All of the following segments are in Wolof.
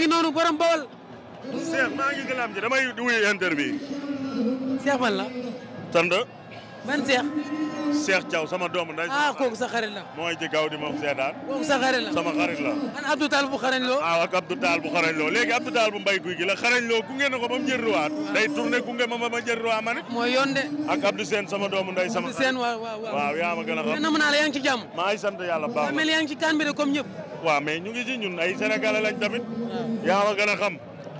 ngi noonu borom bawal. Cheikh maa damay wuyu interview. Cheikh man la. tanda. man Cheikh. Cheikh Thiaw sama doomu nday. ah kooku sa xarit la. mooy ci gaw di moom seetaan. kooku sa xarit la sama xarit la. an Abdou Tall bu xarañ loo. ah ak Abdou Tall bu xarañ loo léegi Abdou Tall bu mbay guy gi la xarañ loo gunge na ko ba mu jël ruwaat. day tourné gunge ma ba ma jël ruwaat ma ne. mooy yoon ak Abdou Sène sama doomu nday sama. Abdou Sène waaw waaw waaw. waaw yaa ma gën a xam. la yaa ci jàmm. maa ngi sant yàlla baax na. yaa mel yaa ngi ci kan bi de comme ñëpp waaw mais ñu ngi ci ñun ay sénégalais lañ tamit. yaa ma gën a xam.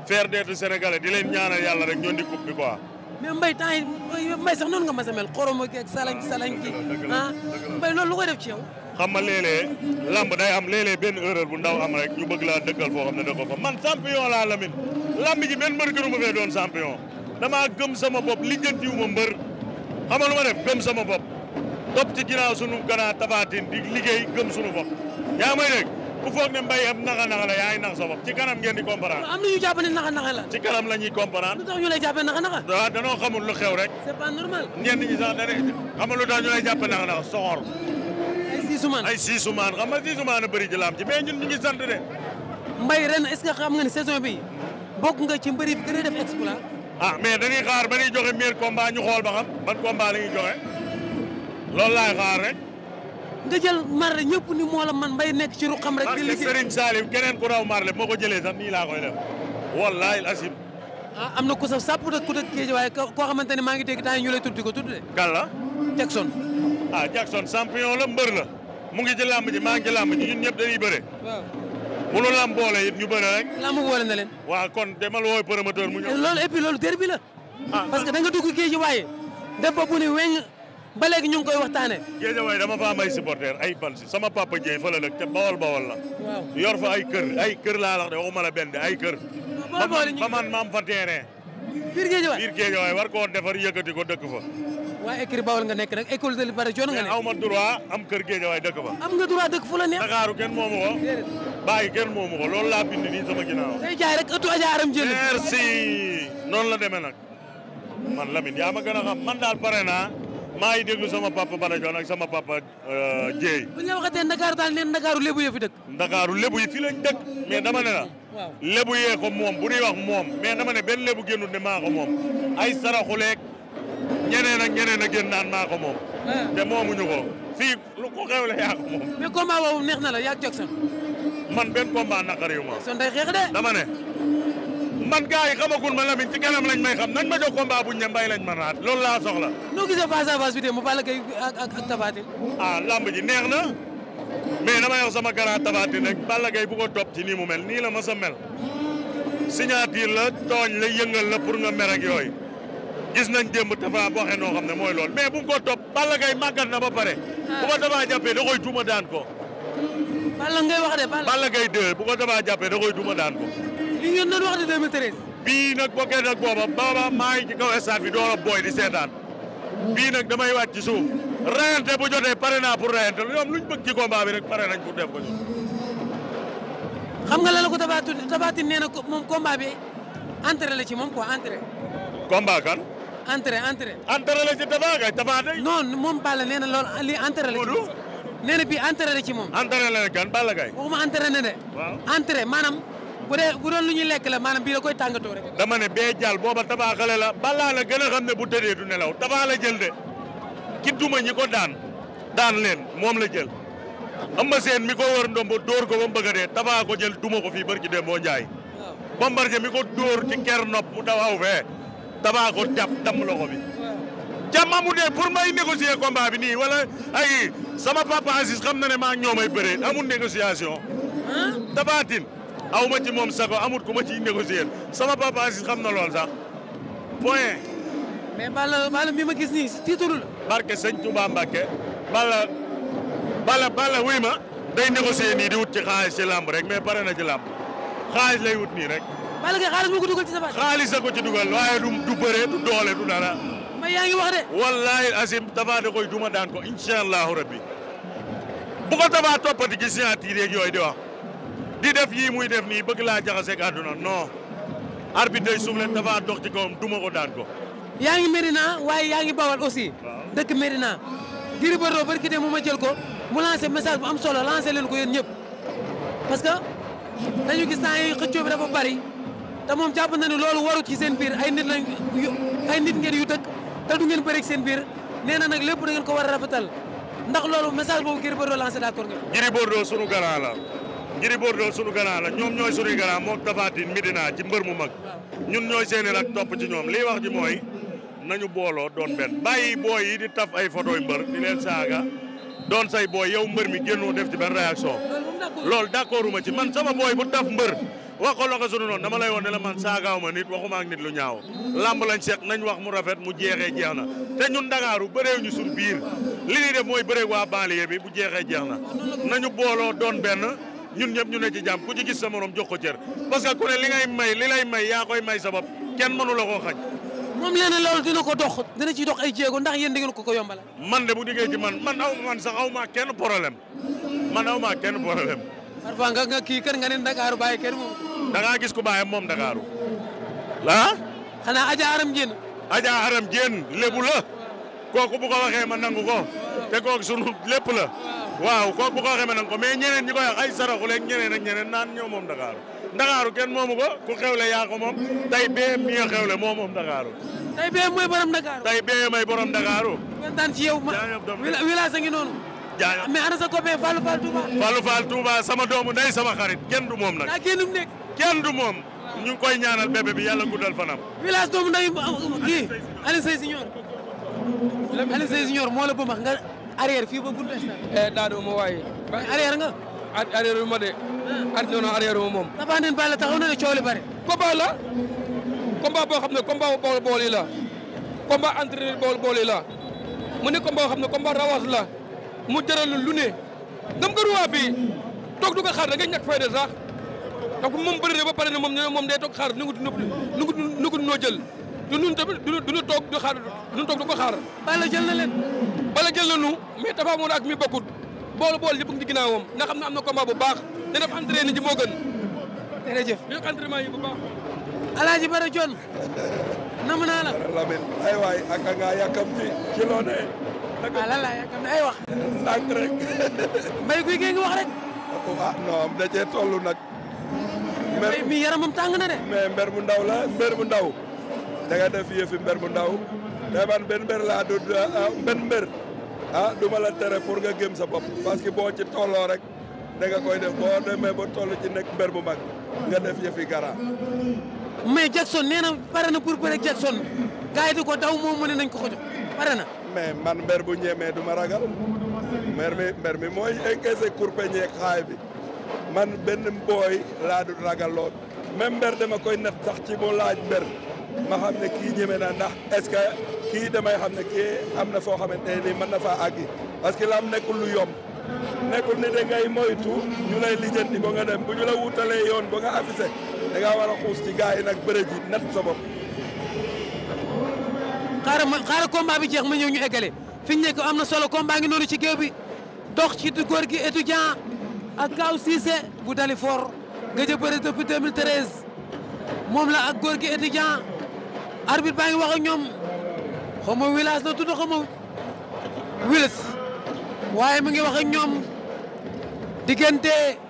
faire d'être sénégalais di leen ñaanal yàlla rek ñoo di coupe bi quoi. mais mbay temps yi mbay sax noonu nga ma samel xoromo geeg salañ ah, salañ gi ah mbay loolu lu koy def ci yow. xam nga léeg lamb day am léeg benn erreur bu ndaw am rek ñu bëgg laa dëkkal foo xam ne da ko fa man champion laa Lamine lamb ji benn mbër gënu ma fee doon champion damaa gëm sama bop bopp lijjantiwu ma mbër xam nga lu ma def gëm sama bop topp ci ginnaaw sunu gannaaw tabaatin di liggéey gëm sunu bopp yaa ku foog ne mbay am naxa naxa la yaay nax sa bopp ci kanam ngeen di comprendre. am na ñu jàpp ne naxa la. ci la ñi sax lu tax ñu lay jàppee naxa soxor. ay siisumaan ay siisumaan xam nga siisumaan a bëri ci laam ci mais ñun ñu ngi sant de. mbay ren est-ce que xam nga ni saison bi bokk nga ci mbëri bi gën a def exploit. ah mais dañuy xaar ba ñuy joxe meilleur combat ñu xool ba xam ban la ñuy joxe loolu laay rek nga jël marle ñëpp ni moo la man mbay nekk ci ruqam rek. di liggéey Serigne Salim keneen ku raw marle moo ko jëlee sax nii laa koy def wallaahi asim. Ah, am na ku saf sàpp ku dëkk géej waaye koo xamante maa ngi dégg temps ñu lay tuddi ko tudd de. kan la a ah Jackson champion la mbër la mu ngi ci ji maa ngi ci làmb ji ñun ñëpp bëre. waaw bu loolu boole ñu bëre rek. boole na leen. waaw kon demal wooy promoteur mu ñëw. loolu et puis loolu derby la. Ah. parce que da nga ba léegi ñu ngi koy waxtaanee. Géejawaay dama fa am ay supporters ay fans sama papa Dieye fële nag te bawal bawal la. yor fa ay kër ay kër laa wax de waxuma la benn ay kër. ba man maam fa terrain. biir Géejawaay biir Géejawaay war koo defar yëkkati ko dëkk fa. waaye écrit bawal nga nekk nag école de libération nga nekk. aw ma droit am kër Géejawaay dëkk fa. am nga droit dëkk fu la neex. Dakaaru kenn moomu ko. bàyyi kenn moomu ko loolu laa bind nii sama ginnaaw. day jaay rek ëttu Adja Aram jëli. merci noonu la demee nag man Lamine yaa ma gën a xam daal pare naa maa ngi déglu sama papa Badajon ak sama papa euh, Dieye. bu ñu la waxatee Ndakaaru daal leen Ndakaaru lébu yi fi dëkk. Ndakaaru lébu yi fi lañ dëkk. mais dama ne la. waaw lébu ko moom bu ñuy wax moom mais dama ne benn lébu génnut ne maa ko moom ay saraxuleeg ñeneen ak ñeneen a génn naan maa ko moom. Ah. te moomuñu ko fii lu ko xew la yaa ko moom. mais neex na la yaa Jackson. man benn combat naqariwuma. son day xeex de. dama ne. man gars yi xamagul ma Lamine ci kanam lañ may xam nañ ma jox combat buñ ne mbay lañ ma naat loolu laa soxla. noo gisee face à face bi mu Balla Gaye ak ak Tapha ah, lamb ji neex na mais dama yow sama grand Tapha Tine rek Balla Gaye bu ko topp ci nii mu mel nii la ma sa mel signature la tooñ la yëngal la pour nga mer ak gis nañ démb Tapha waxee noo xam ne mooy lool mais bu mu ko topp Balla Gaye màggat na ba pare. bu ko Tapha jàppee da koy duma daan ko. Balla ngay wax de Balla. Balla Gaye bu ko Tapha jàppee da koy duma daan ko. li ngeen doon wax de 2013. bii nag bokkee nag booba booba maa ci kaw stade bi door a booy di seetaan bii nag damay wàcc ci suuf rayante bu jotee pare naa pour rayante ñoom luñ bëgg ci combat pare nañ pour def ko ñun. xam nga la ko tabaatu tabaati nee na moom combat la ci moom quoi entré. combat kan. entré entré. entré la ci tabaat kay tabaat day. moom Balla nee na loolu lii la ci. nee na bii ci moom. entré la kan Balla Gaye. waxuma entré na bu dee bu doon lu ñuy lekk la maana bii da koy tàngatoo rek. dama ne bee jal booba tabaaxale la la gën a xam ne bu tëddee du nelaw tabaa la jël de kidduma ñi ko daan daan leen moom la jël. Eumeu Sène mi ko wër ndombo dóor ko ba mu bëgg a dee tabaa ko jël duma ko fii barki dem boo njaay. Bombardier mi ko dóor ci ker nopp mu tawaw fee tabaa ko jàpp damm loxo bi. jàmm amu dee pour may négocier combat bi nii wala ay sama papa Aziz xam na ne amul négociation. Tapha Tine. aw ma ci moom sago amut ku ma ci négocier sama papa Aziz xam na lool sax point. mais Balla Balla mi ma gis nii titre la. barke sëñ Touba Mbacke Balla Balla Balla wuy ma day négocier nii di wut ci xaalis ci làmb rek mais pare na ci làmb xaalis lay wut nii rek. Balla Gaye xaalis moo ko dugal ci sa xaalis a ko ci dugal waaye du du bëree du doole du dara. yaa ngi wax de. wallaahi Azim Tapha da koy duma daan ko incha rabbi bu ko toppati ci signature yeeg yooyu di di def yii muy def nii bëgg laa jaxaseeg àdduna non arbitre day soufflé dafa dox ci kawam duma ko daan ko. yaa ngi Medina waaye yaa ngi Bawal aussi. dëkk Medina. Gris Bordeaux barki de mu ma jël ko mu lancé message bu am solo lancé leen ko yéen ñëpp parce que dañu gis temps yi xëccoo bi dafa bari te moom jàpp na ni loolu warut ci seen biir ay nit lañ ay nit ngeen yu dëkk te du ngeen bëri seen biir nee na nag lépp da ngeen ko war a rafetal ndax loolu message boobu Gris Bordeaux lancé d'accord nga. Gris Bordeaux Gris Bordeaux sunu grand la ñoom ñooy sunuy grand mook Tapha Tine Medina ci mbër mu mag ñun ñooy seeni rak topp ci ñoom lii wax ji mooy nañu booloo doon benn bàyyi booy yi di taf ay photoy mbër di leen saaga doon say booy yow mbër mi génnoo def ci benn réaction loolu d'accorduma ci man sama booy bu taf mbër wax ko loxo sunu noonu dama lay won ne la man saagaaw ma nit waxuma ak nit lu ñaaw làmb lañ seq nañ wax mu rafet mu jeexee jeex na te ñun Ndakaaru bëreew ñu suñ li ñuy def bëreeg waa banlieue bi bu jeexee jeex na nañu booloo doon benn ñun ñëpp ñu ne ci jàmm ku ci sa morom jox ko cër parce que ku ne li ngay may yaa koy may sa kenn mënu la koo xañ moom leen dina ko dox dina ci dox ay jéego ndax yéen da ngeen ko ko yombala man de bu diggee ci man man aw man sax aw maa kenn problème man aw kenn problème parfois nga nga kii kër nga ne Dakar bàyyi kër moom da gis ku bàyyam moom Dakaru ah xanaa Adja Aram Dieng Adja Aram Dieng lébu la kooku bu ko waxee ma nangu ko te kooku sunu lépp la waaw kooku bu ko xamee na ko mais ñeneen ñi koy wax ay saraxuleeg ñeneen ak naan ñoo moom Ndakaaru Ndakaaru kenn moomu ko ku xewle yaa ko moom tey bee mi nga xewle moo moom Ndakaaru. tey bee mooy borom Ndakaaru. tey bee may borom Ndakaaru. kontaan ci yow ma village a ngi noonu. jaajëf mais ana sa copain Fallou Fall Touba. Fallou Fall Touba sama doomu ndey sama xarit kenn du moom nag. daa kenn du mu nekk. kenn koy ñaanal bébé bi yàlla guddal fanam. village doomu ndey kii Aliou Seye Senior. Aliou Seye Senior moo la nga. arrière fii ba gudd stade. Eh, daa doon ma waaye. arrière nga. arrière bi de. Ah. at non moom. Tapha Tine Balla taxaw na ne coow li bari. combat la boo xam ne combat bool bool yi la combat entraîneur bool bool yi la mu ne combat boo xam ne combat rawaas la mu jaral lu ne dam nga ruwaa bi toog du ko xaar da nga ñàkk fayda sax donc moom bëri na ba pare ne moom ne moom day toog xaar nu ngu nu jël du nun tamit du nu toog jël na leen. bala jël nu mais Tapha Mbeur mi bokkut boolu bool yëpp ngi ci ginnaawam nga xam ne am na combat bu baax da def entraîné ji di yokk entraînement yi bu baax. Alaaji Bara Jon ah, ay wax. ndànk rek. mbay guy gee ngi wax rek. ah non da cee nag. mbay mi yaramam tàng na de. mais mber mu ndaw la mber mu ndaw. da nga def mber mu ndaw. tey man benn mbër laa ben ah, ah, benn a ah du ma la tere pour nga gëm sa bopp parce que boo ci tolloo rek da nga koy def boo demee ba toll ci nekk mbër bu mag nga def yëfi gara. mais Jackson nee na pare na pour bëre Jackson gars di ko daw moom mu ne nañ ko ko jox pare na. mais man mbër bu ñemee du ma ragal mbër mi mbër mi mooy encaissé courpe ñeeg bi man benn mbooy laa du ragal lool même mbër dama koy nat sax ci mu laaj mbër ma xam ne kii ñeme na ndax est-ce kii damay xam ne kii am na foo xamante ne lii mën na faa àggi parce que lam nekkul lu yomb nekkul ni da moytu ñu lay lijjanti ba nga dem bu ñu la wutalee yoon ba nga affiché da ngaa a xuus ci gars yi nag bëre ji nat sa xaaral ma xaaral bi jeex ma ñëw ñu eggale fi ñu nekk am na solo baa ngi noonu ci géew bi dox ci góor gi étudiant ak Kaaw Cissé bu Dalifort gëj a bëre moom la ak góor gi baa ngi wax ak ñoom. xaw ma village la wilis waaye mu ngi wax ak ñoom diggante